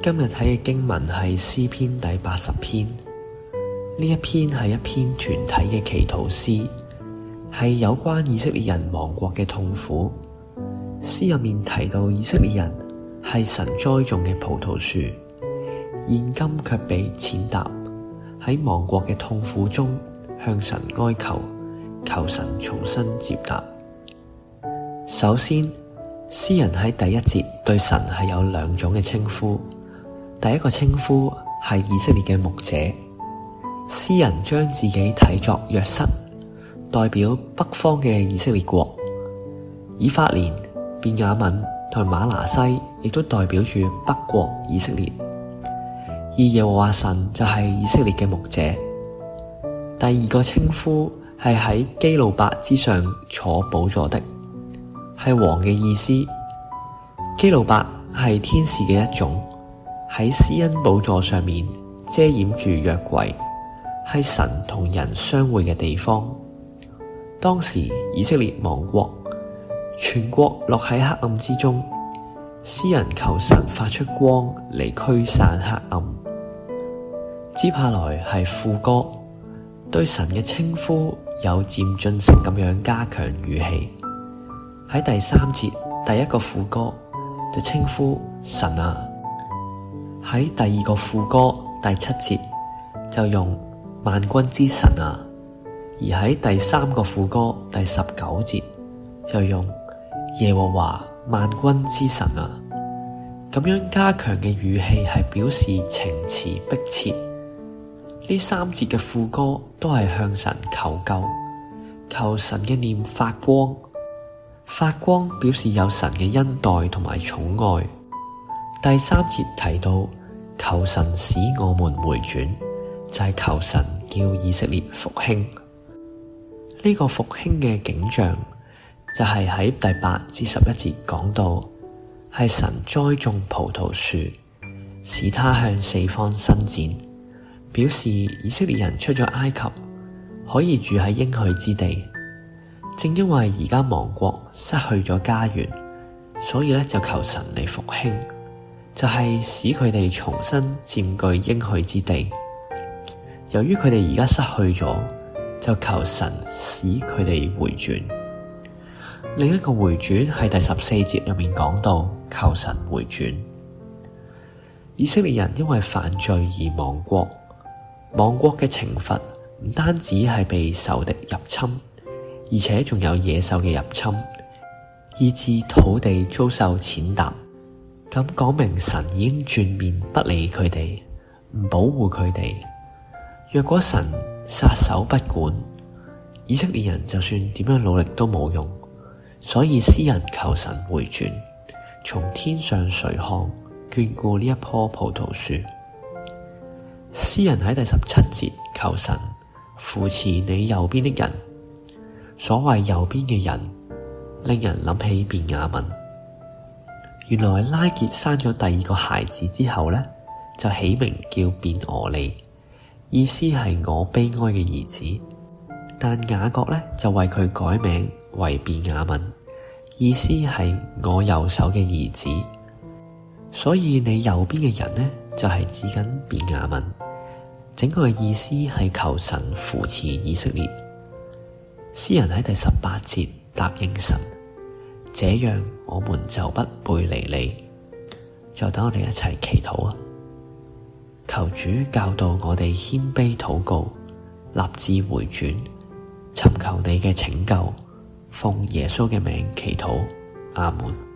今日睇嘅經文係詩篇第八十篇，呢一篇係一篇團體嘅祈禱詩，係有關以色列人亡國嘅痛苦。詩入面提到以色列人係神栽種嘅葡萄樹，現今卻被踐踏喺亡國嘅痛苦中，向神哀求，求神重新接納。首先，詩人喺第一節對神係有兩種嘅稱呼。第一個稱呼係以色列嘅牧者，詩人將自己睇作約瑟，代表北方嘅以色列國。以法蓮、便雅憫同馬拿西，亦都代表住北國以色列。而耶和華神就係以色列嘅牧者。第二個稱呼係喺基路伯之上坐寶座的，係王嘅意思。基路伯係天使嘅一種。喺施恩寶座上面遮掩住約櫃，係神同人相會嘅地方。當時以色列亡國，全國落喺黑暗之中，詩人求神發出光嚟驅散黑暗。接下來係副歌，對神嘅稱呼有漸進性咁樣加強語氣。喺第三節，第一個副歌就稱呼神啊。喺第二個副歌第七節就用萬軍之神啊，而喺第三個副歌第十九節就用耶和華萬軍之神啊，咁樣加強嘅語氣係表示情詞迫切。呢三節嘅副歌都係向神求救，求神嘅臉發光，發光表示有神嘅恩待同埋寵愛。第三節提到求神使我們回轉，就係、是、求神叫以色列復興。呢、這個復興嘅景象就係喺第八至十一節講到，係神栽種葡萄樹，使他向四方伸展，表示以色列人出咗埃及可以住喺應許之地。正因為而家亡國失去咗家園，所以咧就求神嚟復興。就係使佢哋重新佔據應許之地。由於佢哋而家失去咗，就求神使佢哋回轉。另一個回轉係第十四節入面講到，求神回轉。以色列人因為犯罪而亡國，亡國嘅懲罰唔單止係被仇敵入侵，而且仲有野獸嘅入侵，以致土地遭受踐踏。咁講明神已經轉面不理佢哋，唔保護佢哋。若果神撒手不管，以色列人就算點樣努力都冇用。所以詩人求神回轉，從天上垂看眷顧呢一棵葡萄樹。詩人喺第十七節求神扶持你右邊的人。所謂右邊嘅人，令人諗起便雅文便雅憫。」原來拉結生咗第二個孩子之後呢，就起名叫便俄利，意思係我悲哀嘅兒子。但雅各呢就為佢改名為便雅憫。意思係我右手嘅兒子。所以你右邊嘅人呢，就係指緊便雅憫。整個嘅意思係求神扶持以色列。詩人喺第十八節答應神。這樣，我們就不背離你，就等我哋一齊祈禱啊！求主教導我哋謙卑禱告，立志回轉，尋求你嘅拯救，奉耶穌嘅名祈禱，阿門。